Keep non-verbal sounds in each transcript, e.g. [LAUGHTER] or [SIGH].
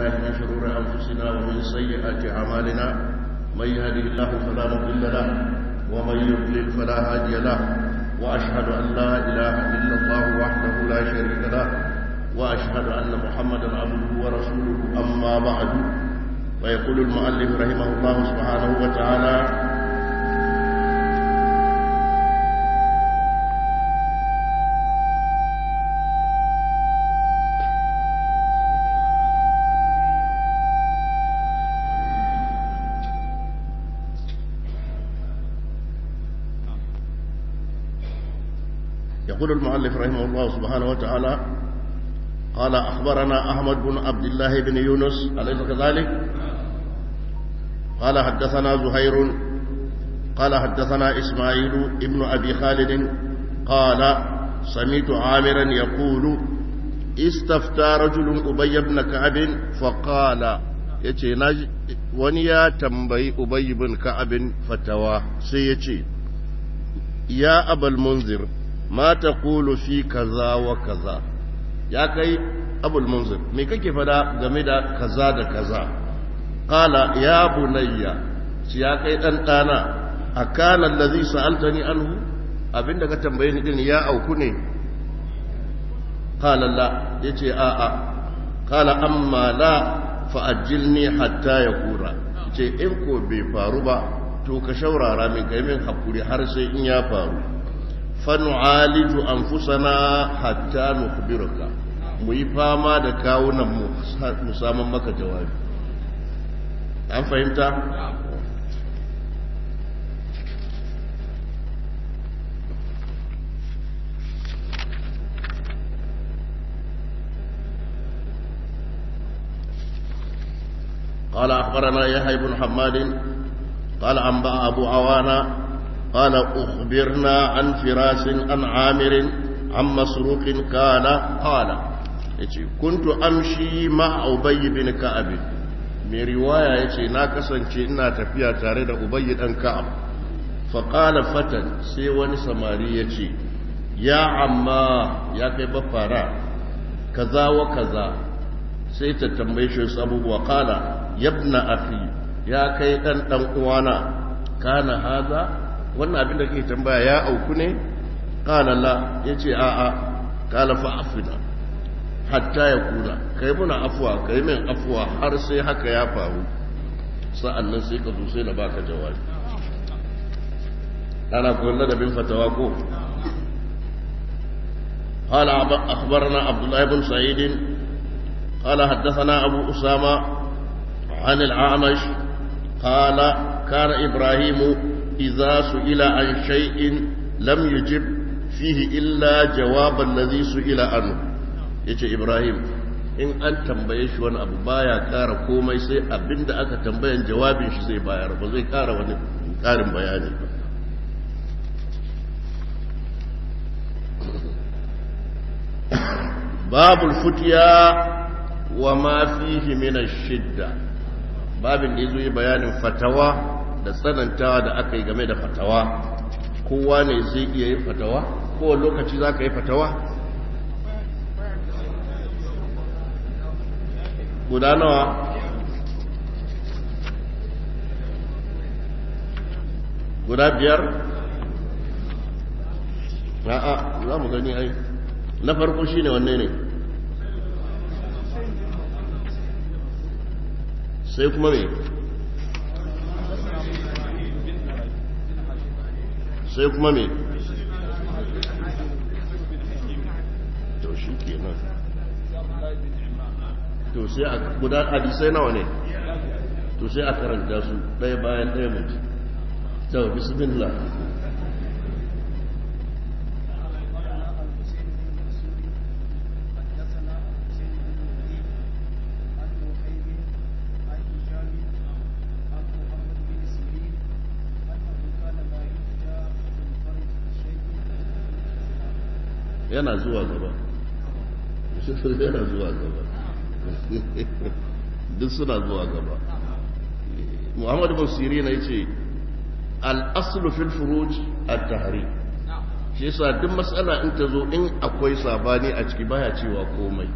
بالله من شرور أنفسنا ومن سيئات أعمالنا من يهده الله فلا مضل له ومن يضلل فلا هادي له وأشهد أن لا إله إلا الله وحده لا شريك له وأشهد أن محمدا عبده ورسوله أما بعد ويقول المؤلف رحمه الله سبحانه وتعالى يقول المؤلف رحمه الله سبحانه وتعالى قال أخبرنا أحمد بن عبد الله بن يونس أليس كذلك قال حدثنا زهير قال حدثنا إسماعيل ابن أبي خالد قال سميت عامرا يقول استفتى رجل أبي بن كعب فقال yace na wani ya tambayi Ubay ibn Ka'ab fatawa sai yace ya Abul Munzir ma kulu fi kaza wa kaza ya kai abul munzir kake fada game da kaza da kaza kala ya bunayya shi ya kai dan dana akana allazi sa'altani anhu abinda ka tambaye ni din ya auku ne kala la yace a a qala amma la ni hatta ya yakura ce in ko bai faru ba to ka shaurara min kai min hakuri har sai in ya faru an anfusana hatta nukhbiruka mu yi fama da kawunan mu musamman maka jawabi an fahimta قال أخبرنا يحيى بن حماد قال أنبأ أبو عوانا قال أخبرنا عن فراس عن عامر عن مسروق قال قال كنت أمشي مع أبي بن كعب من رواية يتي ناكسا إنا تفيا تارد أبي بن كعب فقال فتى سيوان سماري يتي يا عما يا كيف فارا كذا وكذا سيتا سيتتميش سبب وقال يا ابن أخي يا كي تنقوانا كان هذا wannan abin da kake tambaya ya auku ne qala la yace a a qala fa afina hatta ya kula kai muna afwa kai min afwa har sai haka ya faru sa'annan sai ka zo sai na baka jawabi ana kullu da bin fatawa ko قال na عبد الله بن سعيد قال Abu Usama, أسامة عن الأعمش قال كان إبراهيم إذا سئل عن شيء illa يجب فيه إلا جواب الذي سئل عنه يجي إبراهيم in an tambaye shi wani abu baya kara komai sai abinda aka tambayan jawabin shi zai bayar ba zai kara wani karin bayani ba babul futiya wa ma fihi min shidda babin da yazo yi bayanin fatawa da tsanantawa da aka yi game da fatawa kowa ne zai iya yi fatawa kowa lokaci za ka yi fatawa guda nawa guda biyar a'a za mu gani ai na farko shi ne wanne ne sai kuma mai sai kuma me to shi nan to sai a guda hadisai nawa ne to sai a karanta su ɗaya bayan ɗaya mutu to bismillah yana zuwa gaba [LAUGHS] yana zuwa gaba [LAUGHS] duk suna zuwa gaba muhammadu basiri na ce al'asulu fil furuj a tahari shi yasa duk matsala in ta zo in akwai sabani a ciki baya cewa komai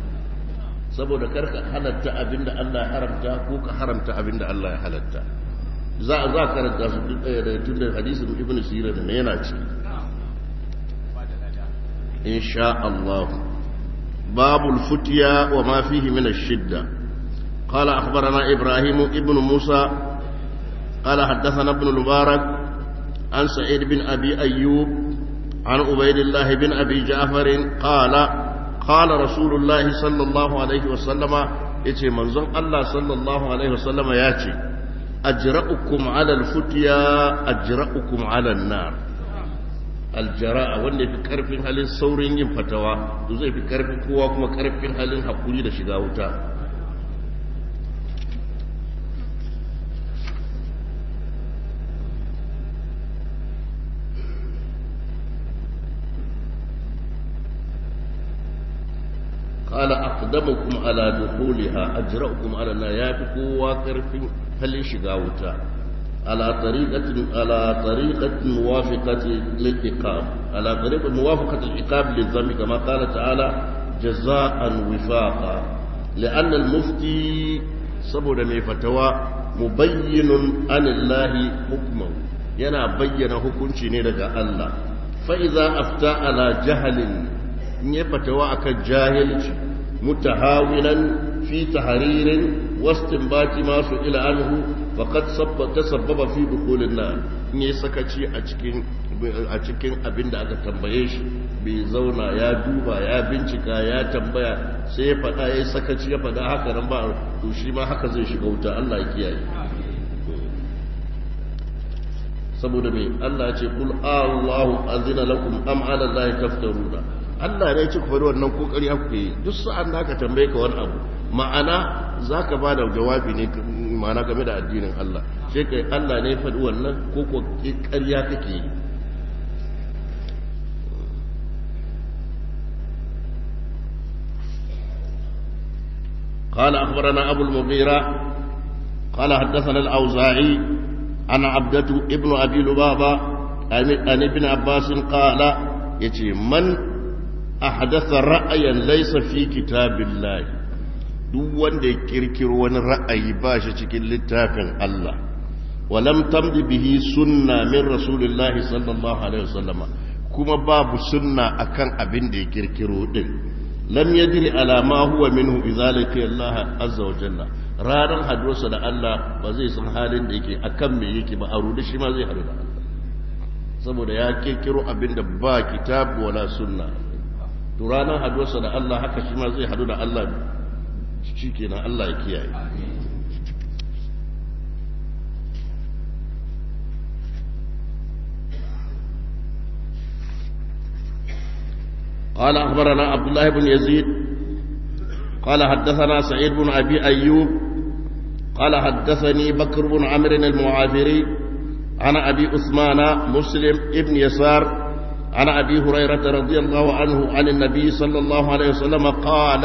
saboda karka halatta abinda Allah ya haramta ko ka haramta abinda Allah ya halatta za a za karanta su duk ɗaya eh, da tun da hadisin ibn sirin ne yana ciki in sha Allah babul futiya wa mafihi fihi min shidda qala akhbarana ibrahim ibn musa qala Haddasa ibn mubarak an sa'id bin abi ayyub an ubaydillah bin abi ja'far qala qala rasulullah sallallahu alaihi wasallama yace manzon Allah sallallahu alaihi wasallama yace ajra'ukum 'ala al-futya ajra'ukum 'ala an-nar aljara'a wanda fi karfin halin saurin yin fatawa to zai fi karfin kowa kuma karfin halin hakuri da shiga wuta qala aqdamukum ala dukhuliha ajra'ukum ala na yafi kowa karfin halin shiga wuta على طريقة على طريقة موافقة للعقاب على طريقة موافقة العقاب للذنب كما قال تعالى جزاء وفاقا لأن المفتي صبر من فتوى مبين عن الله حكما ينا بين حكم شنيرك الله فإذا أفتى على جهل يفتوى كجاهل متهاونا في تحرير واستنباط ما سئل عنه فقد سبب تسبب في دخول النار ne sakaci a cikin a cikin abin da aka tambaye shi bai zauna ya duba ya bincika ya tambaya sai ya faɗa ya sakaci ya faɗa haka nan ba to shi ma haka zai shiga wuta Allah ya kiyaye saboda me Allah ce kul Allahu azina lakum am ala Allah taftaruna Allah ne ya ci ku faɗi wannan kokari haku yi duk sa'an da aka tambaye ka wani abu ma'ana za ka ba da jawabi ne ma'ana game da addinin Allah shi kai Allah ne faɗi wannan ko ko ƙarya kake yi قال أخبرنا أبو المغيرة قال حدثنا الأوزاعي عن عبدة ابن أبي لبابة عن ابن عباس قال يتي من أحدث رأيا ليس في كتاب الله duk wanda ya kirkiro wani ra'ayi ba shi cikin littafin Allah walam tamdi bihi sunna min rasulillahi sallallahu alaihi wasallam kuma babu sunna akan abin da ya kirkiro din lam yadri ala ma huwa minhu idza Allah azza wa jalla ranar haduwarsa da Allah ba zai san halin da yake akan me yake ba a rudu shi ma zai haɗu da Allah saboda ya kirkiro abin da ba kitabu wala sunna to ranar haduwarsa da Allah haka shi ma zai haɗu da Allah shi kenan Allah ya kiyaye قال أخبرنا عبد الله بن يزيد قال حدثنا سعيد بن أبي أيوب قال حدثني بكر بن عمرو المعافري عن أبي عثمان مسلم ابن يسار عن أبي هريرة رضي الله عنه عن النبي صلى الله عليه وسلم قال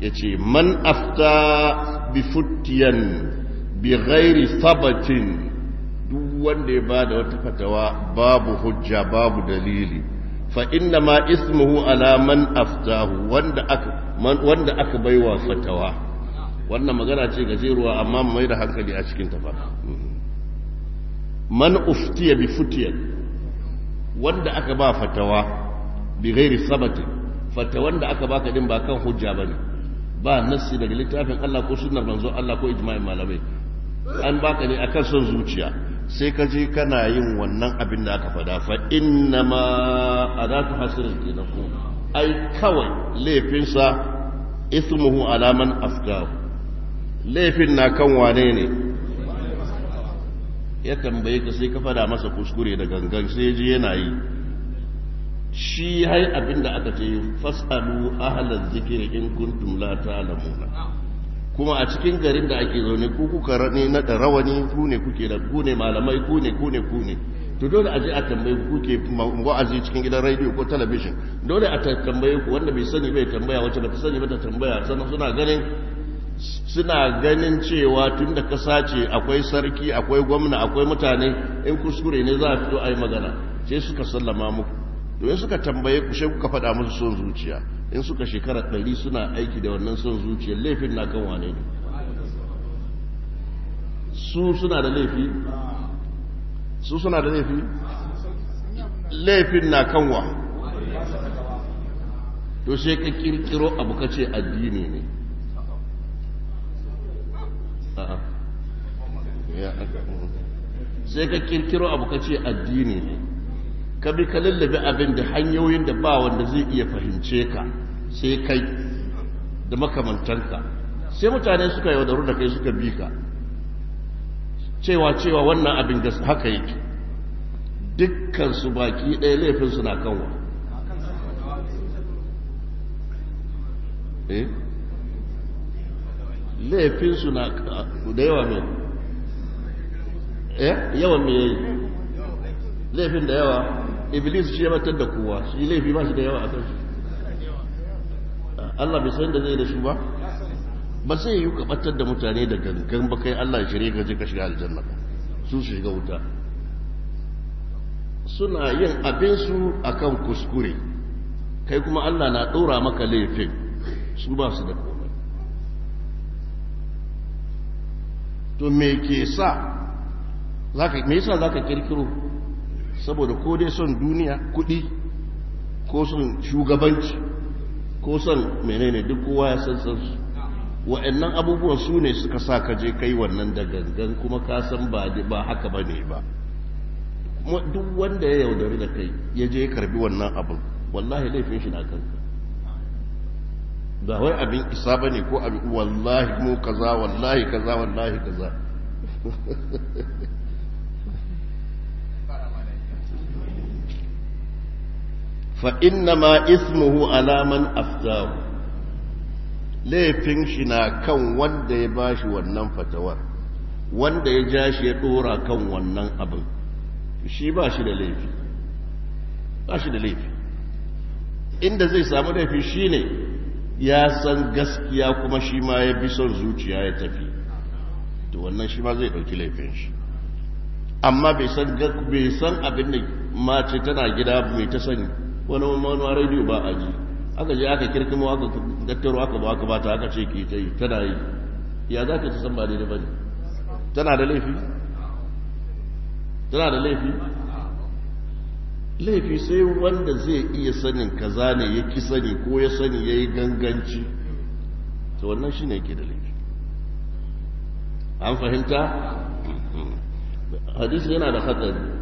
ya ce man afta bi futiyan bi ghairi sabatin duk wanda ya ba da wata fatawa babu hujja babu dalili fa inna ma ismuhu ala man aftahu wanda aka wanda aka baiwa fatawa wannan magana ce gajeruwa amma mu mai da hankali a cikin ta fa man uftiya bi futiyan wanda aka ba fatawa bi ghairi sabatin fatawan da aka baka din ba kan hujja bane ba nassi daga littafin Allah ko sunnar manzo Allah ko ijma'in malamai an baka ne akan son zuciya sai ka je kana yin wannan abin da aka fada fa inna ma adatu hasirin dinaku ai kawai laifinsa ismuhu alaman afgahu laifin na kan wane ne ya tambaye ka sai ka fada masa kuskure da gangan sai je yana yi shi hai abinda aka ce fasalu ahlaz zikri in kuntum la ta'lamuna kuma a cikin garin da ake zaune ku kuka ne na da rawani ku ne kuke da ku ne malamai ku ne ku ne ku ne to dole a je a tambaye ku a wa'azi cikin gidan radio ko television dole a tambaye ku wanda bai sani bai tambaya wacce ba ta sani ba ta tambaya sannan suna ganin suna ganin cewa tun da ka sace akwai sarki akwai gwamna akwai mutane in kuskure ne za a fito a yi magana sai suka sallama muku to suka tambaye ku shai kuka faɗa musu son zuciya in suka shekara ɗari suna aiki da wannan son zuciya laifin na kan wane ne su suna da laifi su suna da laifi laifin na kanwa to sai ka kirkiro abu ka ce addini ne sai ka kirkiro abu ka ce addini ne ka bi ka lallabe abin da hanyoyin da ba wanda zai iya fahimce ka sai kai da makamantanka sai mutane suka yi wadaru da kai suka bi ka cewa cewa wannan abin da haka yake dukkan su baki ɗaya laifin suna kanwa eh laifin suna da yawa mai eh yawan mai laifin da yawa iblis shi ya batar da kowa shi laifi ba shi da yawa a kan shi ah, Allah bai san da zai da shi ba ba sai yi batar da mutane da gangan ba kai Allah ya shirya ka je ka shiga aljanna ba su su shiga wuta suna yin abin su kan kuskure kai kuma Allah na ɗora maka laifin su ba su da komai to me ke sa me ka kirkiro saboda ko dai son duniya kuɗi ko son shugabanci ko son menene duk kowa ya san san su wa'annan abubuwan su ne suka sa ka je kai wannan da gangan kuma ka san ba ba haka ba ne ba kuma duk wanda ya yaudari da kai ya je ya karbi wannan abin wallahi laifin shi na kanka ba wai abin isa ba ne ko abin wallahi mu kaza wallahi kaza wallahi kaza [LAUGHS] fa innama ismuhu alaman aftahu laifin shi na kan wanda ya bashi wannan fatawar wanda ya ja shi ya dora kan wannan abin shi ba shi da laifi ba shi da laifi inda zai samu laifi shi ne ya san gaskiya kuma shi ma ya bi son zuciya ya tafi to wannan shi ma zai dauki laifin shi amma bai san abin da mace tana gida mai ta sani wani wani rediyo ba a ji aka je aka kirkimo aka dattaro aka ba ba ta aka ce ke ta yi tana yi ya za ka ci san ba daidai ba ne tana da laifi tana da laifi laifi sai wanda zai iya sanin kaza ne ya ki sani ko ya sani ya yi ganganci to wannan shi ne ke da laifi an fahimta hmm. hadisi yana da hatsari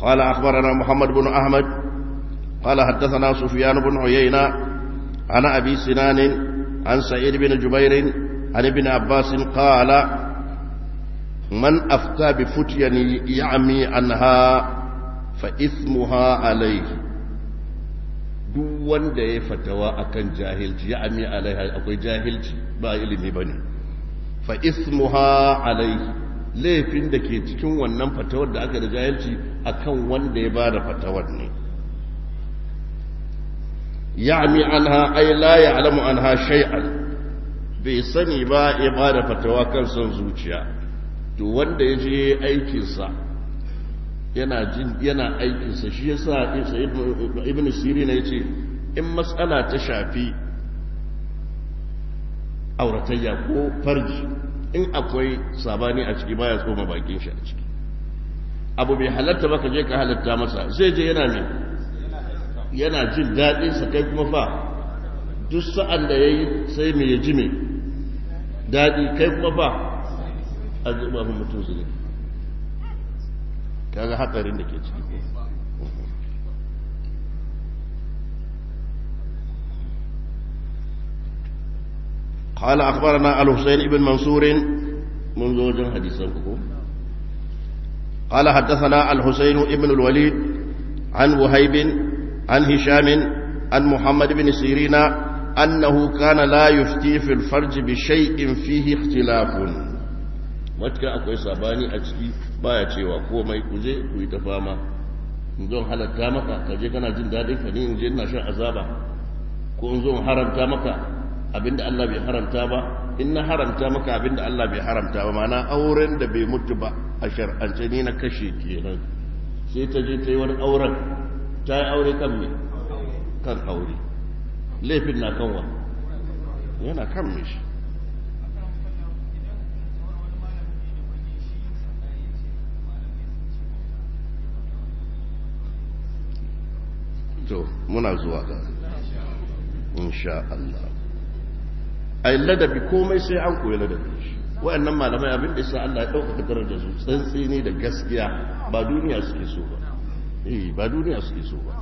قال أخبرنا محمد بن أحمد قال حدثنا سفيان بن عيينة عن أبي سنان عن سعيد بن جبير عن ابن عباس قال من أفتى بفتيا يعمي عنها فإثمها عليه duk دي ya fatawa جاهل jahilci ya ami alaiha akwai jahilci ba ilimi fa ismuha alaihi laifin da ke cikin wannan fatawar da aka da a kan wanda ya ba da fatawar ne ha anha ya la an anha shay'an bai sani ba ya ba da fatawa kan son zuciya to wanda ya je aikinsa yana jin yana aikinsa shi yasa ibn na ya ce in matsala ta shafi auratayya ko farji in akwai sabani a ciki baya tsoma bakin shi a ciki abu bai halatta ba ka je ka halatta masa zai je yana ne yana jin daɗin sa kai kuma fa duk sa'an da yayi sai me ya ji me daɗi kai kuma fa azaba mutum zai kaga hatsarin da ke ciki قال أخبرنا الحسين بن منصور منذ وجه حديثكم قال حدثنا الحسين بن الوليد عن وهيب عن هشام عن محمد بن سيرين أنه كان لا يفتي في الفرج بشيء فيه اختلاف matka akwai sabani a ciki baya cewa komai ku je ku yi ta fama zon maka ka kana jin daɗin ka ni azaba ko in maka abinda Allah bai haramta ba in na haramta maka abinda Allah bai haramta ba mana auren da bai mutu ba a shar'ance ni na kashe kenan sai ta je ta yi wani auren ta yi aure kan me kan aure laifin na kan wa yana kan me shi to muna zuwa ga insha Allah ai ladabi komai sai an koyi ladabi wa'annan malamai abin da yasa Allah ya dauka darajar su tsantsi ne da gaskiya ba duniya suke so ba eh ba duniya suke so ba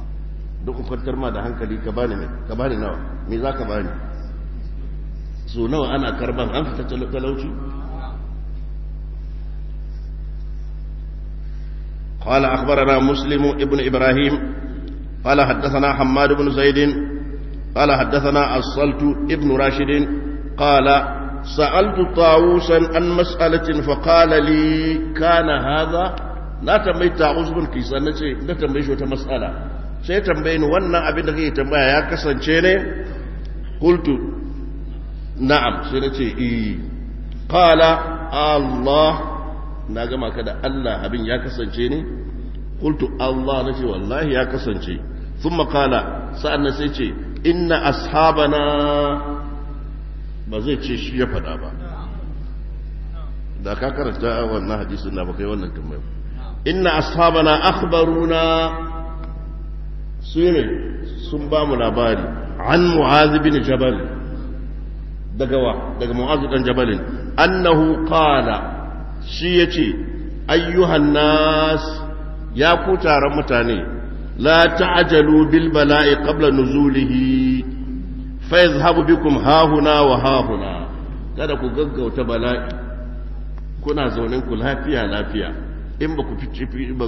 duk kwantar ma da hankali ka bani me ka bani nawa me za ka bani so nawa ana karban an fita talauci قال أخبرنا مسلم ابن إبراهيم قال حدثنا حماد بن زيد قال حدثنا الصلت ابن راشد قال سألت طاووسا عن مسألة فقال لي كان هذا لا تنبي طاووس بن كيسان لا تنبيش وتمسألة sai tambayin wannan abin da kake tambaya ya kasance ne qultu na'am sai nace eh qala Allah na gama ka Allah abin ya kasance ne qultu Allah nace wallahi ya kasance thumma qala sai ce inna ashabana ba zai ce shi ya faɗa ba da ka karanta wannan hadisin na bakai wannan tambayar inna ashabana akhbaruna sune sun ba mu labari an mu'az bin jabal daga wa daga mu'az dan jabalin annahu qala shi yace ayyuhan nas ya ku taron mutane la ta'jalu bil bala'i qabla nuzulihi fa yazhabu bikum hahuna wa hahuna kada ku gaggauta bala'i kuna zaunin ku lafiya lafiya in ba ku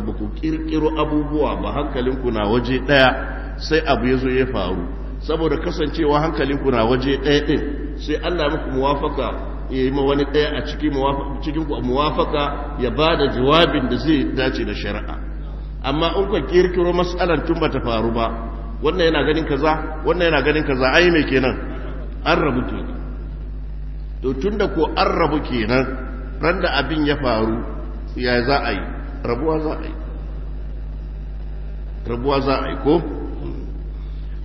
ba ku kirkiro abubuwa ba hankalin ku na waje daya sai abu yazo ya faru saboda kasancewa hankalin ku na waje daya din sai Allah muku muwafaka ya yi wani daya a cikin cikin ku muwafaka ya bada jawabin da zai dace da shari'a amma in ku kirkiro matsalar tun bata faru ba wannan yana ganin kaza wannan yana ganin kaza ai me kenan an rabu kenan to tunda ko an rabu kenan ran da abin ya faru ya za a yi rabuwa za a yi rabuwa za a yi ko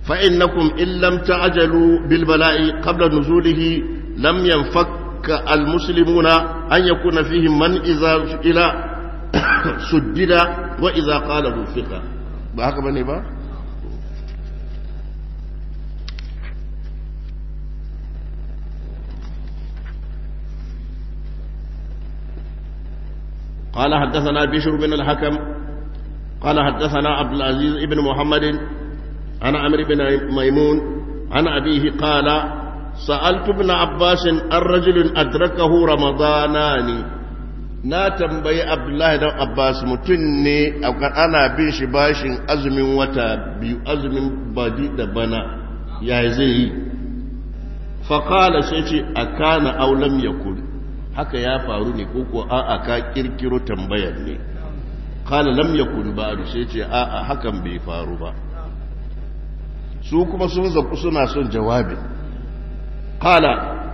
fa innakum in lam ta'jalu bil bala'i qabla nuzulihi lam yanfakka al muslimuna an yakuna fihim man idza ila [COUGHS] suddida wa idza qala fiqa ba haka bane ba قال حدثنا بشر بن الحكم قال حدثنا عبد العزيز بن محمد عن عمرو بن ميمون عن أبيه قال سألت ابن عباس أدركه رمضانان na tambayi abdullahi dan abbas mutum ne ana bin shi bashin azumin wata biyu azumin badi da bana ya zai yi faƙala sai ce a kana aulam ya kuri haka ya faru ne ko kuwa a'a ka kirkiro tambayar ne qala lam yakun a sai ce a'a hakan bai faru ba su kuma sun zaku suna son jawabi bali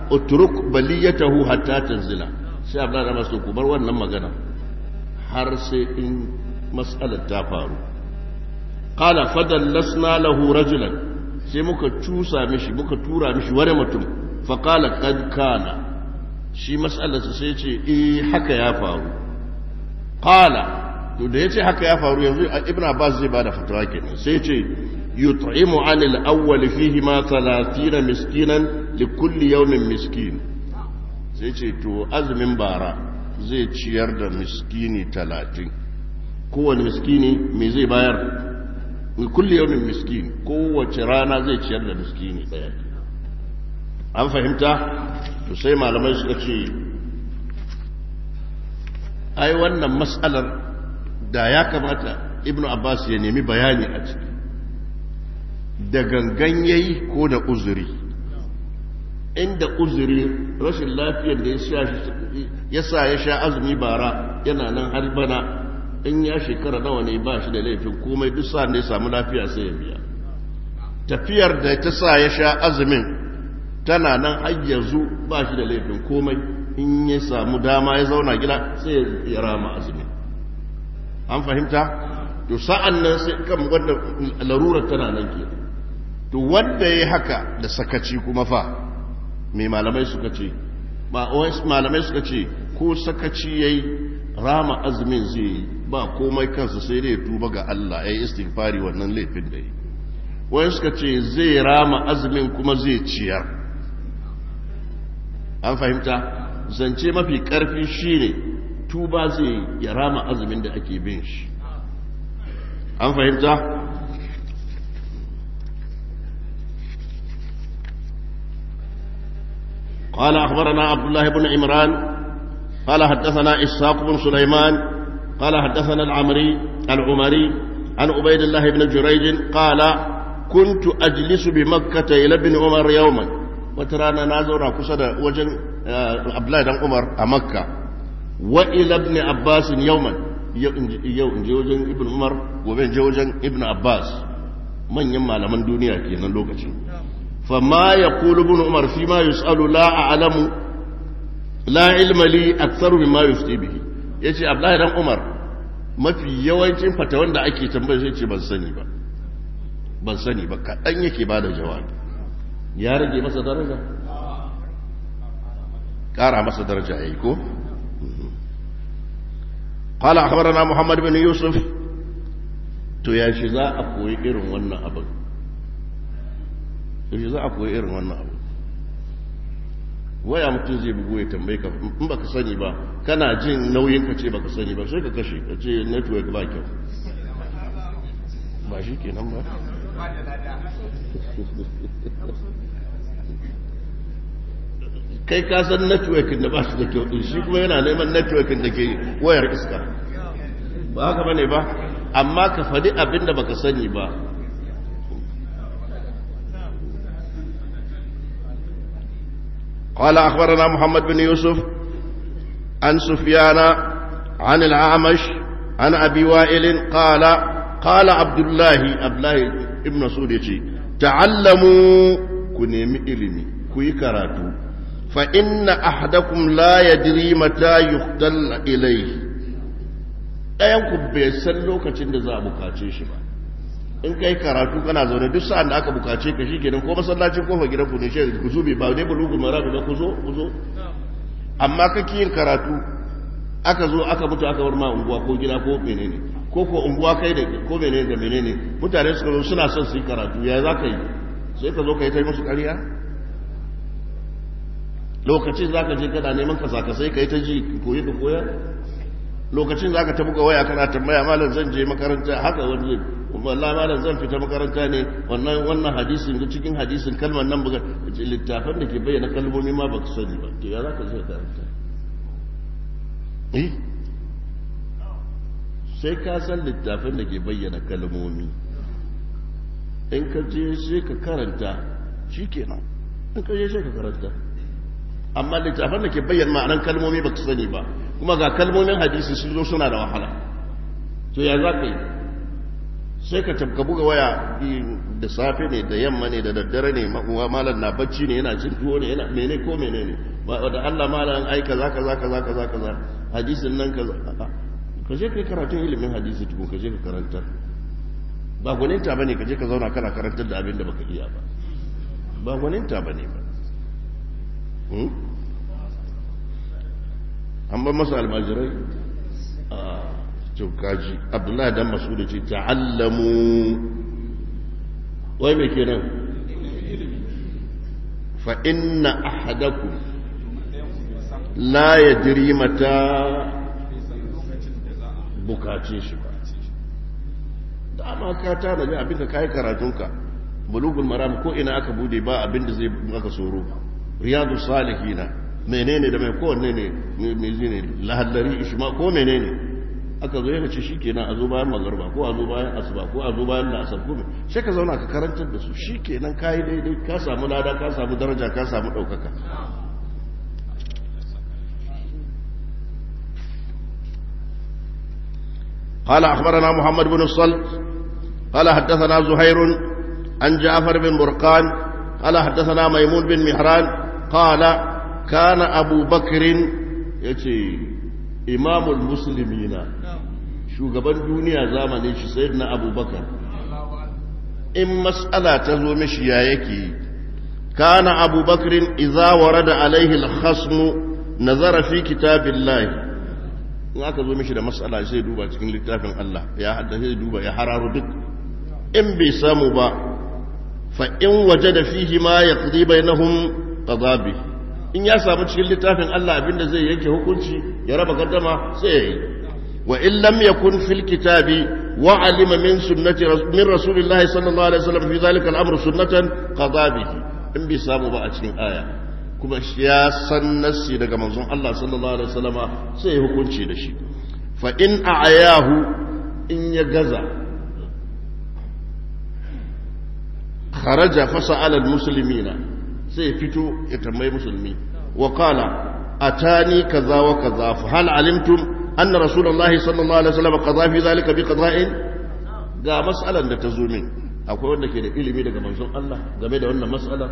utruk baliyatahu hatta tanzila sai abla da masu ku bar wannan magana har sai in mas'alar ta faru kala fadallasna lahu rajulan sai muka cusa mishi muka tura mishi wani mutum fa kala kana shi matsalarsa sai ce eh haka ya faru qala to da ce haka ya faru yanzu ibn abbas zai bada fatawa kenan sai ce yut'imu 'anil awwal fihi ma 30 miskinan likulli yawmin miskin sai ce to azumin bara zai ciyar da miskini talatin. kowane miskini me zai bayar kulli yawmin miskin kowace rana zai ciyar da miskini daya an fahimta to sai malamai suka ce ai wannan matsalar da ya kamata ibnu abbas ya nemi bayani a ciki da gangan yayi ko da uzuri inda uzuri rashin lafiyar da ya sa ya sha azumi bara yana nan har bana in ya shekara nawa ne ba shi da laifin komai duk sa ne samu lafiya sai ya biya tafiyar da ta sa ya sha azumin tana nan har ba shi da laifin komai in ya samu dama ya zauna gida sai ya rama azumi an fahimta to sa'an nan sai kan wanda larurar tana nan ke to wanda ya haka da sakaci kuma fa mai malamai suka ce malamai suka ce ko sakaci ya yi rama azumin zai yi ba komai kansa sai dai tuba ga Allah ya yi istighfari wannan laifin da yi wani suka ce zai rama azumin kuma zai ciyar an fahimta zance mafi karfi shine tuba zai ya rama azumin da ake bin shi an fahimta قال أخبرنا عبد الله بن عمران قال حدثنا إسحاق بن سليمان قال حدثنا العمري العمري عن عبيد الله بن جريج قال كنت أجلس بمكة إلى ابن عمر يوما wata rana na zauna kusa da wajen eh, abdullahi dan umar a makka wa ila ibn abbas yawman yau in je wajen ibn umar gobe in je wajen ibn abbas manyan malaman duniya kenan lokacin fa ma yaqulu ibn umar fi ma yusalu la a'lamu la ilma li aktharu mimma yufti bihi yace abdullahi dan umar mafi yawancin fatawan da ake tambaye sai ce ban sani ba ban sani ba kaɗan yake ba da jawabi ya rage masa daraja ƙara masa daraja ya eh, yi ko قال mhm. na Muhammadu bin Yusuf to ya shi za a koyi irin wannan abin ya shi za a koyi irin wannan abin waya mutum zai bugu ya tambaye ka in ka sani ba kana jin nauyin ka ce ba ka sani ba sai ka kashe ka ce network ba kyau ba shi kenan ba [LAUGHS] kai ka san networking da ba su da kyau din shi kuma yana neman networking da ke wayar iska ba haka bane ba amma ka faɗi abin da baka sani ba قال أخبرنا محمد بن يوسف عن سفيان عن الأعمش عن أبي وائل قال قال عبد الله عبد الله ibn mas'ud yace ta'allamu ku nemi ilimi ku yi karatu fa inna ahadakum la yadri mata yuhdal ilayhi ɗayan ku bai san lokacin da za a bukace shi ba in kai karatu kana zaune duk sa'an da aka bukace ka shikenan ko masallacin kofa gidan ku ne shi ku zube ba ne bulugu marabi da ku zo ku zo amma kake yin karatu aka zo aka mutu aka bar ma unguwa ko gida ko menene ko ko unguwa kai da ko menene da menene mutane suka zo suna son su yi karatu ya za ka yi sai ka zo ka yi ta musu ƙarya lokacin za ka je kana neman ka saka sai ka yi ta ji koyi ka koya lokacin za ka ta buga waya kana tambaya malam zan je makaranta haka wani wallahi malam zan fita makaranta ne wannan wannan hadisin cikin hadisin kalmar nan buga littafan da ke bayyana kalmomi ma baka sani ba to ya za ka je ka karanta eh sai ka san littafin da ke bayyana kalmomi in ka je sai ka karanta shi kenan in ka je sai ka karanta amma littafin da ke bayyana ma'anar kalmomi ba ka sani ba kuma ga kalmomin hadisi sun zo suna da wahala to ya za ka yi sai ka tabka buga waya da safe ne da yamma ne da daddare ne ma'uwa malam na bacci ne yana cin tuwo ne yana mene ko mene ne wadda allah malam aika za ka za ka za ka za ka za hadisin nan ka za ka je ka yi karatun ilimin hadisi tukun ka je ka karantar ba gwaninta ba ne ka je ka zauna kana karantar da abin da baka iya ba ba gwaninta ba ne hmm? ba an ba masu almajirai a cikaji abdullahi dan da ce ta'allamu wai mai ke nan fa'in na ahadakum la ya jiri mata bukace shi ba dama ka tanadi abin ka kai karatunka bulugul maram ko ina aka bude ba abin da zai maka tsoro riyadu salihina menene da mai ko ne menene lahallari ishma ko menene aka zo yana ce shikenan a zo bayan magarba ko a zo bayan asuba ko a zo bayan da asar kuma sai ka zauna ka karantar da su shikenan kai daidai ka samu lada ka samu daraja ka samu daukaka قال أخبرنا محمد بن الصلت قال حدثنا زهير عن جعفر بن برقان قال حدثنا ميمون بن مهران قال كان أبو بكر يتي إمام المسلمين شو قبل دنيا زامن سيدنا أبو بكر in matsala ta zo mishi ya yake kana abubakarin iza warada alaihi alhasmu nazara fi kitabillahi in aka zo mishi da matsala sai duba cikin littafin Allah ya hada haddace duba ya hararo duk in bai samu ba fa in waje da fihi ma ya na bainahum ƙazabi. in ya samu cikin littafin Allah abinda zai yanke hukunci ya raba gaddama sai yayi wa in lam kun fil kitabi wa alima min sunnati min rasulillahi sallallahu alaihi wasallam fi dhalika al sunnatan qadabihi in bai samu ba a cikin aya kuma ya san nassi daga manzon Allah sallallahu alaihi wasallama sai ya hukunci da shi fa in a'yahu in ya gaza kharaja fa sa'ala almuslimina sai fito ya tambayi musulmi wa qala atani kaza wa kaza fa hal alimtum anna rasulullahi sallallahu alaihi wasallam qadha fi zalika bi qada'in ga mas'alan da ta zo min akwai wanda ke da ilimi daga manzon Allah game da wannan mas'ala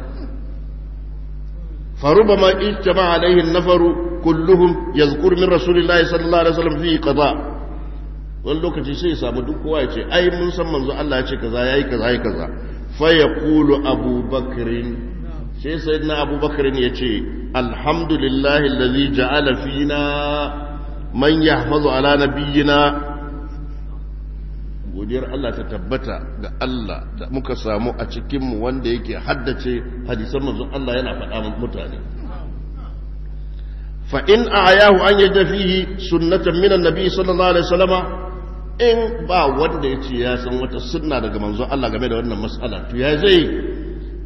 فربما اجتمع عليه النفر كلهم يذكر من رسول الله صلى الله عليه وسلم فيه قضاء wani lokaci sai ya samu duk kowa ya ce ai mun san manzo Allah ya ce kaza yayi kaza yayi kaza fa yaqulu Abu Bakr sai sayyidina Abu Bakr ya ce alhamdulillahi allazi ja'ala fina man yahfazu ala nabiyyina godiyar Allah ta tabbata ga Allah da muka samu a cikinmu wanda yake haddace hadisan manzon Allah yana faɗa mutane fa in ayahu an yadda fihi sunnatan minan nabi sallallahu alaihi wasallama in ba wanda ya ya san wata sunna daga manzon Allah game da wannan mas'ala to ya zai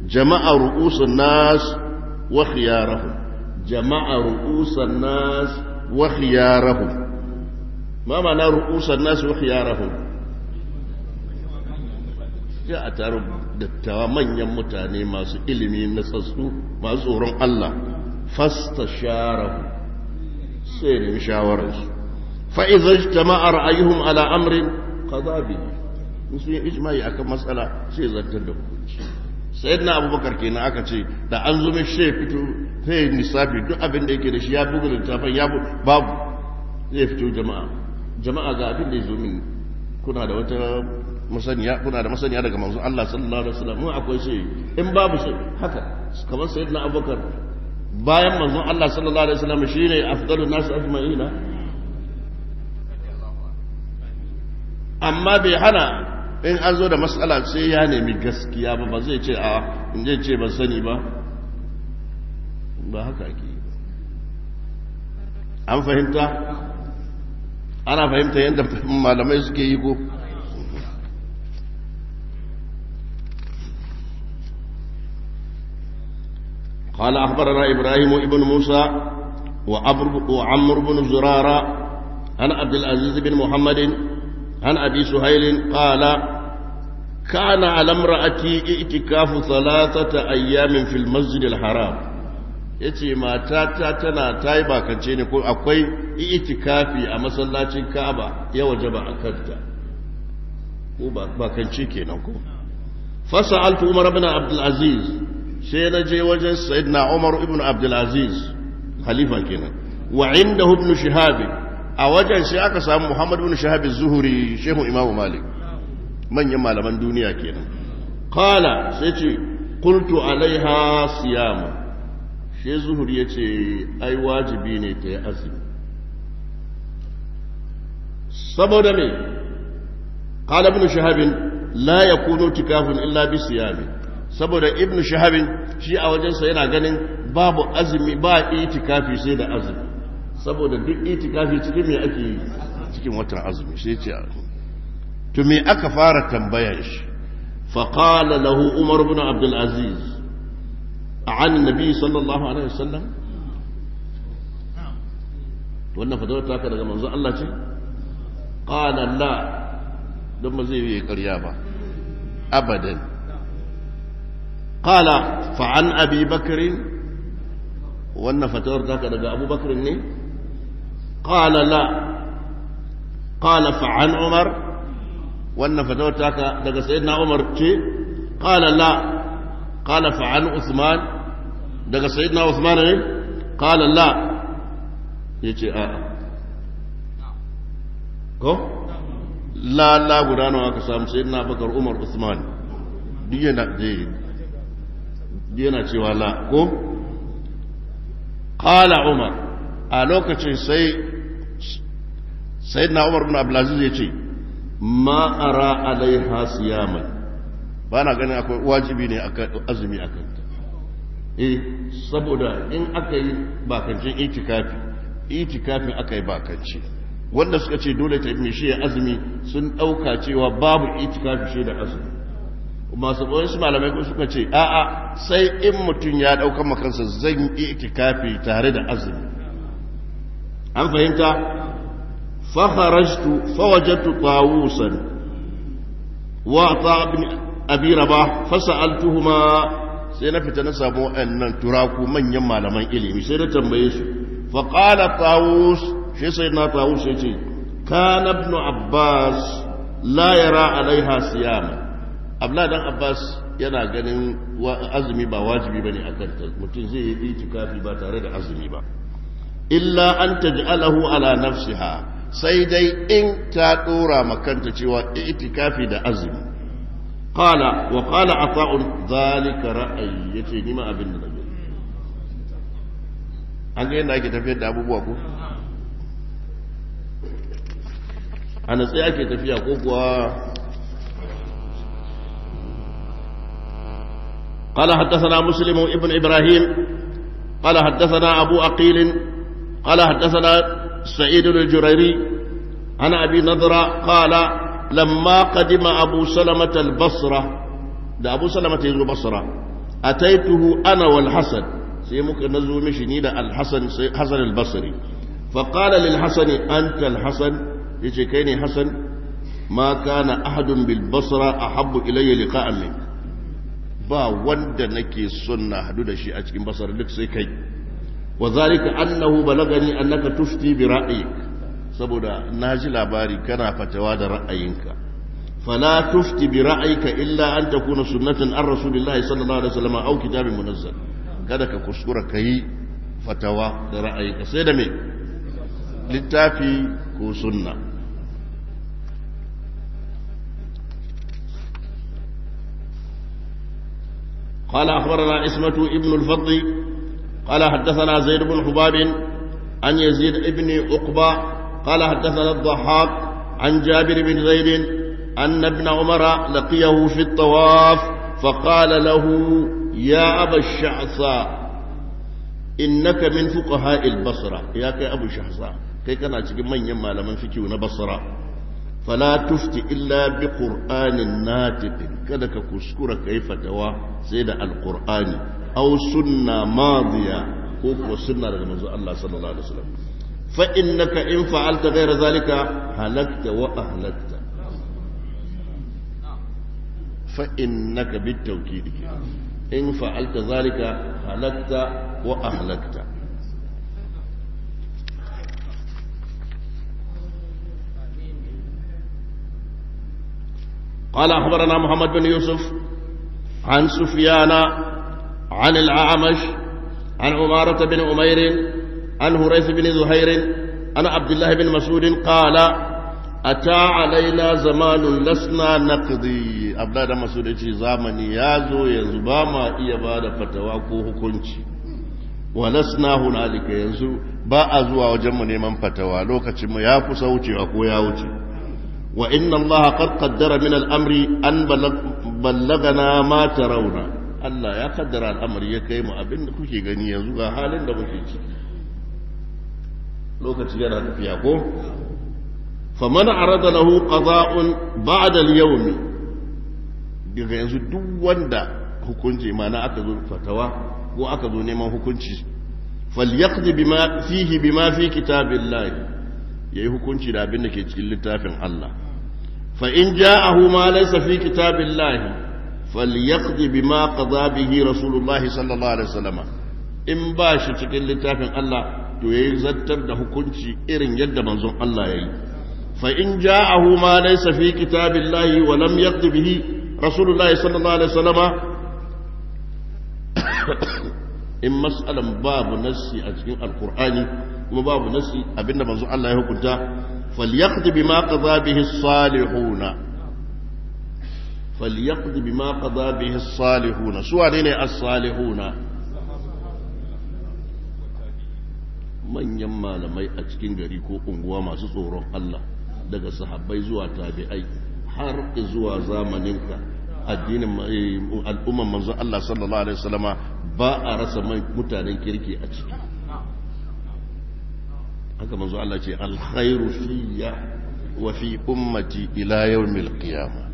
jama'a ru'usun nas wa khiyarahum jama'a ru'usun nas wa khiyarahum ma ma'ana ru'usun nas wa khiyarahum ya a taron dattawa manyan mutane masu ilimi na tsatsu masu tsoron Allah fasta sharahu sai nemi shawararsu fa'izar jama'ar ayyuhun al'amrin kazabi musu yin a kan matsala sai zartar da hukunci sai na abubakar kenan aka ce da an zumi shi fito sai nisafi duk abin da yake da shi ya bugu littafin ya babu zai fito jama'a jama'a ga abin da ya zo min kuna da wata masaniya kuna da masaniya daga manzon Allah sallallahu alaihi wasallam mun akwai shi in babu shi haka kamar sayyidina Abubakar bayan manzon Allah sallallahu alaihi wasallam shine afdalun nas ajma'ina amma bai hana in an zo da matsala sai ya nemi gaskiya ba ba zai ce a in zai ce ban sani ba ba haka ake yi an fahimta ana fahimta yadda malamai suke yi ko قال أخبرنا إبراهيم ابن موسى وعمر بن زرارة عن عبد العزيز بن محمد عن أبي سهيل قال كان على امرأتي اعتكاف ثلاثة أيام في المسجد الحرام yace matata tana tayi bakance ne ko akwai itikafi a masallacin Ka'aba ya wajaba a kanta ko bakance kenan ko fasa altu Umar ibn Abdul Aziz sai na je wajen sayyidina Umar ibn Abdulaziz khalifa kenan wa inda hudu shahabi a wajen sai aka samu muhammadu ibn shahabi zuhuri shehu imamu Malik manyan malaman duniya kenan qala sai ce kultu alaiha siyama shi zuhuri ya ce ai wajibi ne ta yi azumi saboda ne kala ibn shahabin la kuno tikafin illa bi siyamin saboda ibn shahabin shi a wajensa yana ganin babu azumi ba itikafi sai da azumi saboda duk itikafi cikin me ake yi cikin watan azumi sai ce to me aka fara tambayar shi fa qala lahu umar ibn al aziz an nabi sallallahu alaihi wasallam wannan fatawar taka daga manzo Allah ce qala la don ba zai yi ƙarya ba abadan قال فعن أبي بكر وأن فتور ذاك أبو بكر ني قال لا قال فعن عمر وأن فتور ذاك سيدنا عمر قال لا قال فعن عثمان ذاك سيدنا عثمان قال لا يجي آه ko لا لا guda nawa aka samu sayyidina bakar umar usman yana cewa la ko qala umar a lokacin sai na umar bin abdulaziz ya ce ma ara alaiha siyaman ba na ganin akwai wajibi ne azumi akan ta eh saboda in aka yi bakancin itikafi itikafin aka yi bakanci wanda suka ce dole ta yi shi azumi sun ɗauka cewa babu itikafi shi da azumi masu wasu malamai ko suka ce a'a sai in mutum ya ɗaukar makansa zan yi itikafi tare da azumi an fahimta faharastu fawajatu tawusan wa ta abi fasa fasaltuhuma sai na fita na samu waannan turaku manyan malaman ilimi sai na tambaye su faƙala tawus shi sai na tawus ya ce kana ibn abbas la yara alaiha siyama abla dan abbas yana ganin azumi ba wajibi ba ne a kanta mutum zai yi itikafi ba tare da azumi ba illa an taj'alahu ala nafsiha sai dai in ta dora makanta cewa itikafi da azumi qala wa qala ata'un zalika ra'ayi yace ni ma abin da nake an ga yana ke tafiyar da abubuwa ko a natsi ake tafiya ko kuwa قال حدثنا مسلم ابن إبراهيم قال حدثنا أبو أقيل قال حدثنا سعيد الجريري عن أبي نضرة قال لما قدم أبو سلمة البصرة ده أبو سلمة البصره أتيته أنا والحسن سيمك نزو مشني ده الحسن حسن البصري فقال للحسن أنت الحسن يجي كيني حسن ما كان أحد بالبصرة أحب إلي لقاء منك ba wanda nake son na hadu da shi a cikin basar duk sai kai wa zalika annahu balagani annaka tufti bi ra'yik saboda naji labari kana fatawa da ra'ayinka fala tufti bi ra'ayika illa an takuna sunnatan an rasulillahi sallallahu alaihi wasallam aw kitabin munazzal kada ka kuskura kai fatawa da ra'ayinka sai da me littafi ko sunna قال أخبرنا عصمة ابن الفضل قال حدثنا زيد بن حباب عن يزيد ابن عقبة قال حدثنا الضحاك عن جابر بن زيد أن ابن عمر لقيه في الطواف فقال له يا أبا الشعصى إنك من فقهاء البصرة يا أبو الشعصى كي كان أتكي من يمال من فكيون بصرة fala tufti illa biƙur'ani qur'anin natiqin kada ka kuskura kai fatawa sai da alqur'ani aw sunna madiya ko ko daga manzo Allah sallallahu alaihi wasallam fa innaka in fa'alta ghayra zalika halakta wa ahlakta fa in fa'alta zalika halakta wa ahlakta قال أخبرنا محمد بن يوسف عن سفيان عن العامش عن عمارة بن أمير عن هريث بن زهير عن عبد الله بن مسعود قال أتى علينا زمان لسنا نقضي عبد الله بن مسعود زمان يازو يزباما إيبادا فتواكو هكونشي ولسنا هنالك yanzu با a وجمني من mu لو كتم يافو سوتي ya kusa وإن الله قد قدر من الأمر أن بلغنا ما ترون الله يا قدر الأمر يا كيم أبن كوشي غني يزوغا حالا دا كوشي لو كتيرا فياكو فمن عرض له قضاء بعد اليوم daga yanzu duk wanda hukunci mana aka zo fatawa ko aka zo neman hukunci falyaqdi bima fihi bima fi kitabillahi yayi hukunci da abin da ke cikin littafin Allah fa in ja'ahu ma laysa fi kitabillahi falyaqdi bima qada bihi rasulullahi sallallahu alaihi wasallam in ba shi cikin littafin Allah to yayi zattar da hukunci irin yadda manzon Allah yayi fa in ja'ahu ma laysa fi kitabillahi wa lam yaqdi bihi rasulullahi sallallahu alaihi wasallam [COUGHS] in mas'alan babu nassi a cikin alkur'ani kuma babu nasi abinda manzo Allah ya hukunta falyaqdi bima qadha bihi as-salihuna falyaqdi bima qadha bihi as-salihuna su wane ne as-salihuna manyan malamai a cikin gari ko unguwa masu tsoron Allah daga sahabbai zuwa tabi'ai har zuwa zamaninka addinin eh, al'umman manzon Allah sallallahu alaihi wasallama ba a rasa mutanen kirki a ciki haka manzo Allah ce alkhairu fiyya wa fi ummati ila yawmil qiyama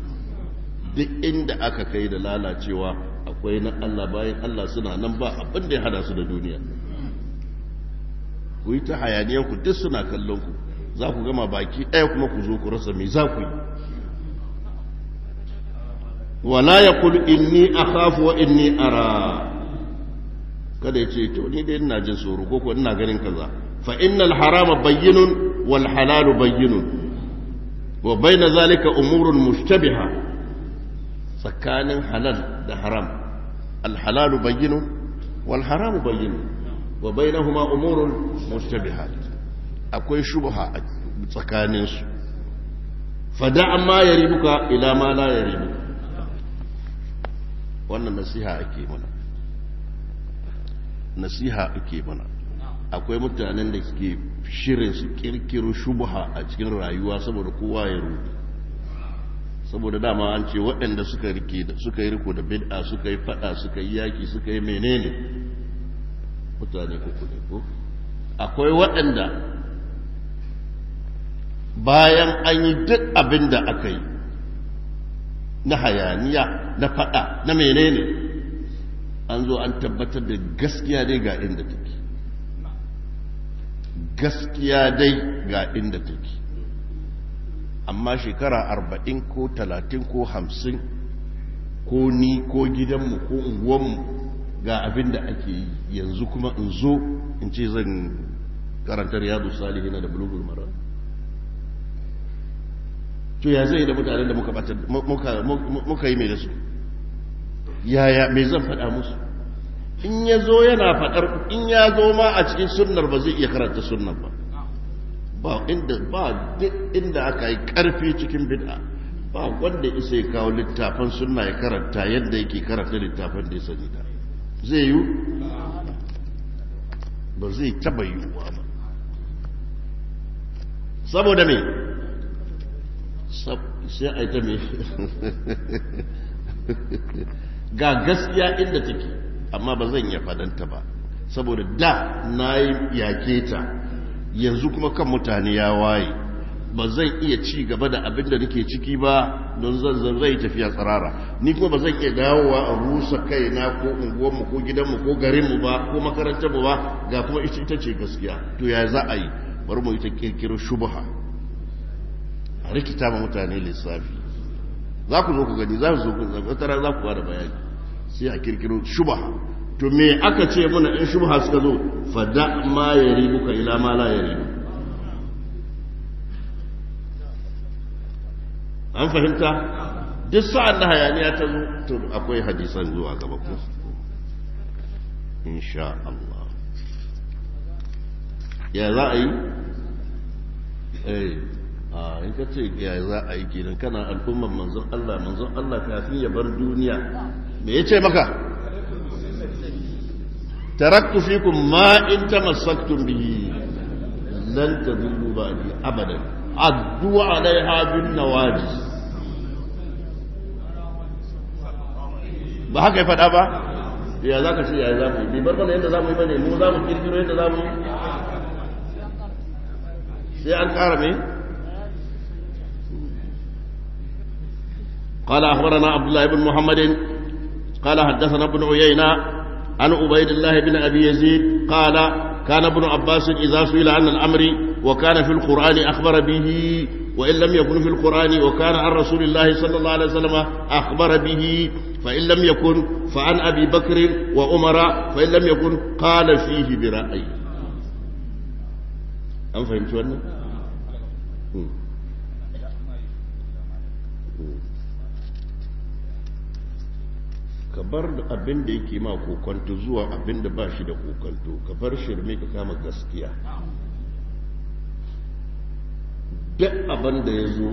duk inda aka kai da lalacewa akwai na Allah bayan Allah suna nan ba abin da ya hada su da duniya ku yi ta hayaniyar ku duk suna kallon ku za ku gama baki ɗaya kuma ku zo ku rasa mai za ku yi wala ni inni akhafu wa inni ara kada ya ce to ni dai ina jin tsoro ko ko ina ganin kaza فإن الحرام بين والحلال بين وبين ذلك أمور مشتبهة سكان حلال ده حرام الحلال بين والحرام بين وبينهما أمور مشتبهة أكوي شبهة سكان فدع ما يريبك إلى ما لا يريبك وأن نسيها أكيمنا نسيها أكيمنا akwai mutanen da suke shirin su kirkiru shubha a cikin rayuwa saboda kowa ya rubu saboda dama an ce waɗanda suka rike suka yi riko da bid'a suka yi fada suka yi yaki suka yi menene mutane uku ne ko akwai waɗanda bayan an yi duk abin da aka yi na hayaniya na fada na menene an zo an tabbatar da gaskiya ne ga inda take gaskiya dai ga inda take amma shekara arba'in ko talatin ko hamsin ko ni ko gidanmu ko unguwanmu ga abin da ake yanzu kuma in zo in ce zan karantar yadu salihi na da bulugul mara to ya zai da mutanen da muka yi mai da su yaya mai zan faɗa musu in ya zo yana faɗar in ya zo ma a cikin sunnar ba zai iya karanta sunnar ba ba inda ba duk inda aka yi ƙarfi cikin bid'a ba wanda isa ya kawo littafan sunna ya karanta yadda yake karanta littafan da ya sani da zai yi ba zai taba yiwuwa ba saboda me sai a yi ta me [LAUGHS] ga gaskiya inda take amma ba zan iya fadanta ba saboda da na yi yake ta yanzu kuma kan mutane ya waye ba zan iya ci gaba da abin da nake ciki ba don zan zai tafiya tsirara ni kuma ba zan iya dawowa a rusa kaina ko unguwarmu ko gidanmu ko garinmu ba ko makarantarmu ba ga kuma ita ce gaskiya to ya za a yi bari mu yi ta kirkiro shubha a rikita ma mutane lissafi za ku zo ku gani za ku zo ku zama tara za ku ba da bayani sai a kirkiro shuba to me aka ce muna in shuba suka zo fada ma ya ribu, ka ila ma la ya ribu an fahimta duk sa'an da hayaniya ta zo to akwai hadisan zuwa gaba ku insha Allah ya za a yi eh, a yi ka ce ya za a yi kenan kana al'ummar manzon Allah manzon Allah kafin ya bar duniya me ya ce maka taraktu fikum ma in ta tamassaktum bihi lan ba ba'di abadan addu alaiha bin waji. ba haka ya fada ba ya za ka ce ya za mu yi bar bane yadda za mu yi bane mu za mu kirkiro yadda za mu yi sai an ƙara me قال أخبرنا عبد الله بن محمد قال حدثنا ابن عيينة عن عبيد الله بن أبي يزيد قال كان ابن عباس إذا سئل عن الأمر وكان في القرآن أخبر به وإن لم يكن في القرآن وكان عن رسول الله صلى الله عليه وسلم أخبر به فإن لم يكن فعن أبي بكر وعمر فإن لم يكن قال فيه برأي أم فهمت ka bar abin da yake ma kokonto zuwa abin da ba shi da kokonto ka bar shirme ka kama gaskiya duk abin da ya zo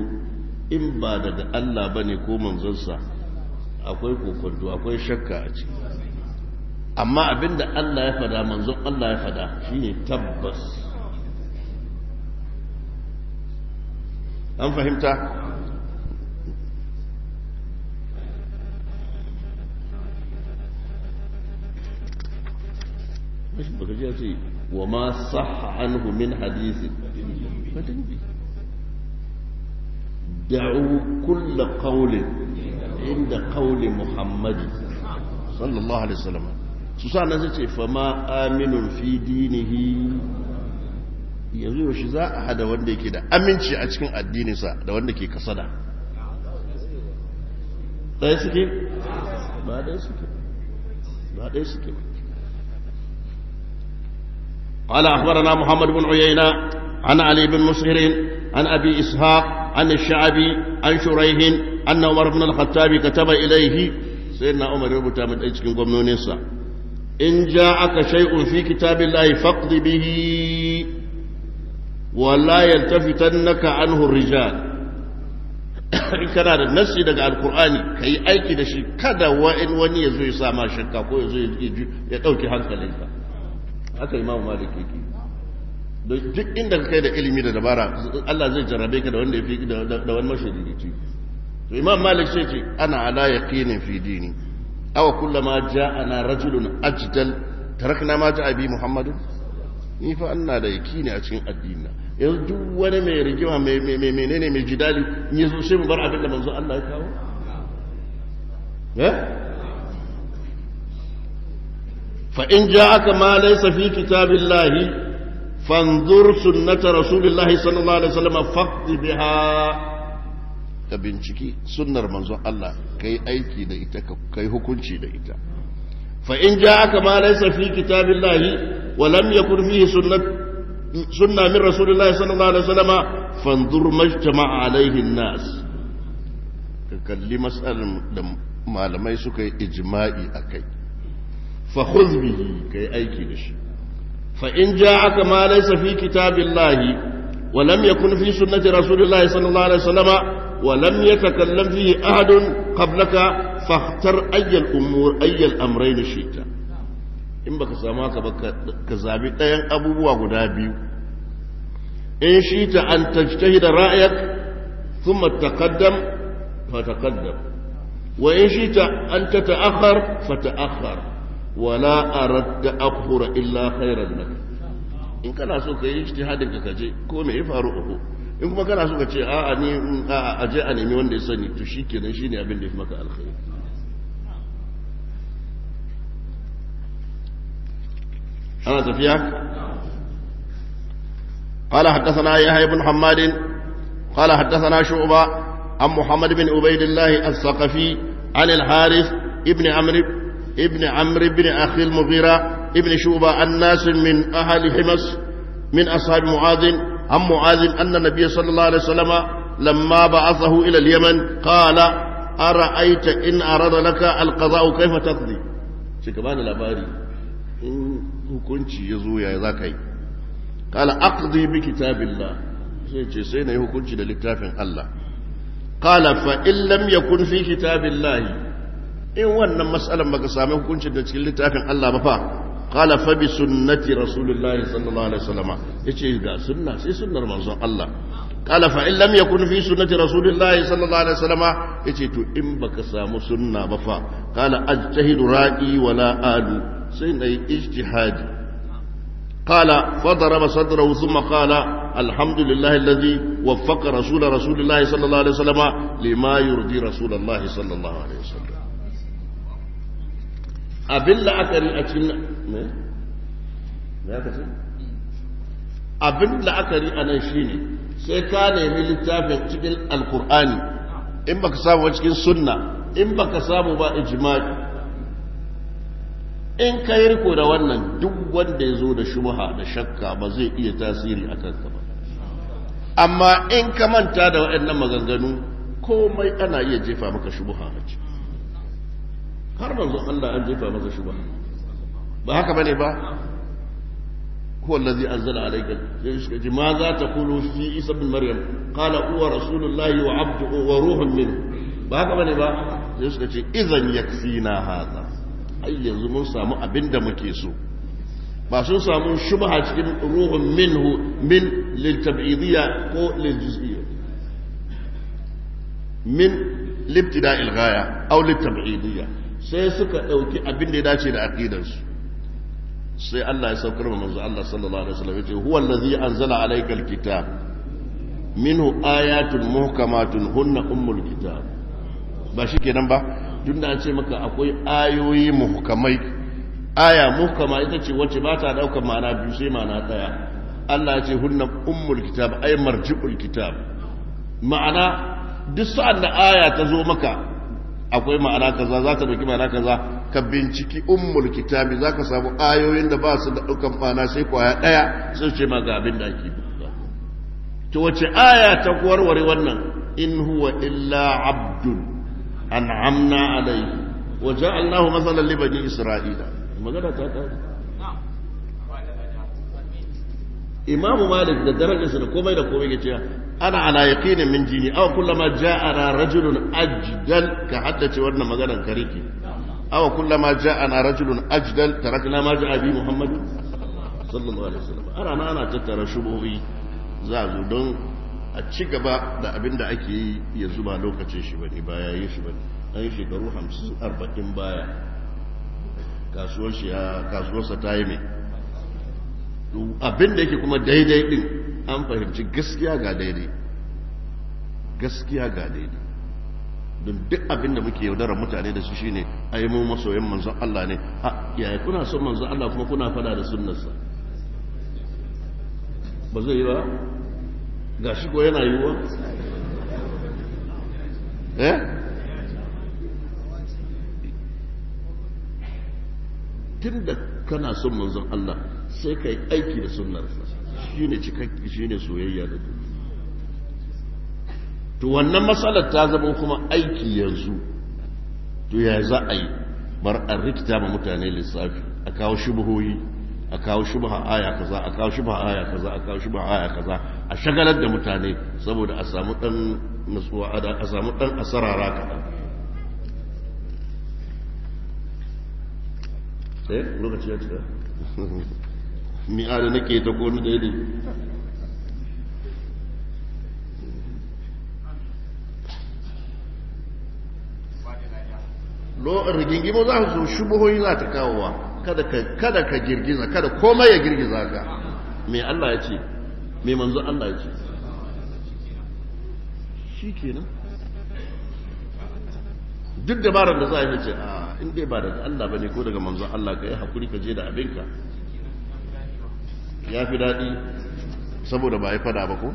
in ba daga Allah ba ne ko manzonsa akwai kokonto akwai shakka a ciki amma abin da Allah ya fada manzon Allah ya fada shine tabbas an fahimta baka ji ce wa ma sahha anhu min hadisi ka da'u kull qawli inda qawli muhammad sallallahu alaihi wasallam su sa nan ce fa ma aminun fi dinihi yanzu shi za a hada wanda yake da aminci a cikin addininsa da wanda ke kasada ɗaya suke ba ɗaya suke ba ɗaya suke ba قال أخبرنا محمد بن عيينة عن علي بن مسهر عن أبي إسحاق عن الشعبي عن شريح أن عمر بن الخطاب كتب إليه سيدنا عمر ربطا من أجل قمنونيسا إن جاءك شيء في كتاب الله فاقض به ولا يلتفتنك عنه الرجال in kana da nassi daga alkur'ani ka yi aiki da shi kada wa'in wani ya zo ya sa ma shakka ko ya zo ya ɗauki hankalinka haka imamu malik keke don duk inda ka kai da ilimi da dabara Allah zai jarabe ka da wanda fi da wani mashiririci to imamu malik sai ce ana ala yaqinin fi dini aw kullama ja'ana rajulun ajdal tarakna ma ja'a bi Muhammadu ni fa anna da yaqini a cikin addini yanzu duk wani mai rigima mai menene mai jidali ni yazo sai mu bar abin da manzo Allah ya kawo eh فإن جاءك ما ليس في كتاب الله فانظر سنة رسول الله صلى الله عليه وسلم فقط بها binciki sunnar manzon Allah kai aiki da ita kai hukunci da ita fa in ja'aka ma laysa fi kitabillahi wa lam yakun fihi sunnat sunna min rasulillahi fanzur majtama'a alaihi an-nas ka kalli mas'alan da malamai suka yi ijma'i kai. fa khudh bihi kai aiki da shi fa in ja'aka ma laysa fi kitabillahi wa lam yakun fi sunnati rasulillahi sallallahu alaihi wasallama wa lam yatakallam fihi ahadun qablaka fakhtar ayyal umur ayyal amrayn shita in baka samu haka ba ka zabi ɗayan abubuwa guda biyu in shi ta an tajtahi da ra'ayak thumma fa wa in shi ta fa wala aradda akhura illa khairan lak in kana so ka yi ijtihadin ka kaje ko me ya faru uku in kuma kana so ka ce a'a ni a'a aje a nemi wanda ya sani to shikenan shine abin da ya fi maka alkhairi ana tafiya قال حدثنا يحيى بن حماد قال حدثنا شعبة عن محمد بن عبيد الله الثقفي عن الحارث ابن عمرو ابن عمرو بن أخي المغيرة ابن شوبة عن ناس من أهل حمص من أصحاب معاذ عن معاذ أن النبي صلى الله عليه وسلم لما بعثه إلى اليمن قال أرأيت إن أراد لك القضاء كيف تقضي شكبان الأباري hukunci ya zo yaya za ka yi kala aqdi bi kitabillah sai ce sai na yi hukunci da littafin in wannan matsalar baka sami hukuncin da cikin littafin Allah ba fa qala fa bi sunnati rasulillahi sallallahu alaihi wasallam yace ga sunna sai sunnar manzon Allah qala fa in lam yakun fi sunnati rasulillahi sallallahu alaihi wasallam yace to in baka samu sunna ba fa qala ajtahidu ra'i wala adu, sai nayi ijtihadi قال فضرب صدره ثم قال الحمد لله الذي وفق رسول رسول الله صلى الله عليه وسلم لما يرضي رسول الله صلى الله abin la'akari a cikin me abin la'akari a nan shine sai ka nemi littafin cikin alkur'ani in baka samu cikin sunna in baka samu ba ijma'i in ka yi riko da wannan duk wanda ya zo da shubha da shakka ba zai iya tasiri a kanka ba amma in ka manta da waɗannan maganganu komai ana iya jefa maka shubha a ciki har yanzu Allah an jefa masa shi ba ba haka bane ba huwa allazi anzala alayka shi ji ma za ta kulu fi isa bin maryam qala huwa rasulullahi wa abduhu wa ruhun min ba haka bane ba sai suka ce idan yaksina hadha ai yanzu mun samu abinda muke so ba sun samu shubha cikin ruhun minhu min litab'idiyya ko liljuz'iyya min libtida'il ghaya aw litab'idiyya sai suka ɗauki abin da ya dace da aqidarsu sai Allah ya saukar wa manzo Allah sallallahu alaihi wasallam yace huwa allazi anzala alaykal kitab minhu ayatun muhkamatun hunna ummul kitab ba shikenan ba tunda an ce maka akwai ayoyi muhkamai aya muhkama ita ce wacce ba ta daukar ma'ana biyu sai ma'ana daya Allah ya ce hunna ummul kitab ay marji'ul kitab ma'ana duk sa'an da aya ta zo maka akwai ma'ana kaza za ka ɗauki ma'ana kaza ka binciki ummul kitabi za ka samu ayoyin da ba su da ɗaukan ma'ana sai kwaya ɗaya sun ce ma ga abin da ake buga to wace aya ta warware wannan in huwa illa abdul an'amna alayhi wa ja'alnahu masalan li bani isra'ila magana ta kare imamu malik da darajarsa da komai da komai ke cewa ana ala yaqinin min jini aw kullama ja'ana rajulun ajdal ka haddace wannan maganar kariki aw kullama ja'ana rajulun ajdal tarakna ma ja'a bi muhammad sallallahu alaihi wasallam ara na ana tattara shubuhi za zo don a ci gaba da abin da ake yi ya zuba lokacin shi bane ba ya yi shi bane an yi shekaru 50 40 baya kasuwar shi kasuwarsa ta yi mai abin da yake kuma daidai din an fahimci gaskiya ga daidai gaskiya ga daidai don duk abin da muke yaudarar mutane da su shine ai mu masoyan manzon Allah ne A yaya kuna son manzon Allah kuma kuna fada da sunnarsa ba zai yi ba ga shi ko yana wa eh tun da kana son manzon Allah sai ka yi aiki da sunnarsa shine cikakke shine soyayya da kuma to wannan matsalar ta zama kuma aiki yanzu to ya za a yi bar an rikita ma mutane lissafi a kawo shubuhoyi a kawo shubha aya kaza a kawo shubha aya kaza a kawo shubha aya kaza a shagalar da mutane saboda a samu dan nutsuwa a samu dan asarara kaɗan sai eh, lokaci ya cika [LAUGHS] mi na nake ta kone daidai rigingimo za su shubuhoyi za ta kawowa kada ka girgiza kada komai ya girgiza ka mai Allah ya ce mai manzo Allah ya ce shi nan duk dabarar da za a yi ce a ah, inda ba daga Allah ba ne ko daga manzo Allah ka yi haƙuri ka je da abinka ya fi daɗi saboda ba ya fada ba ko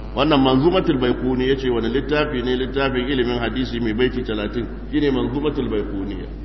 wannan manzumatul baikuni ce wani littafi ne littafin ilimin hadisi mai baiki 30 shine manzumatul baikuniya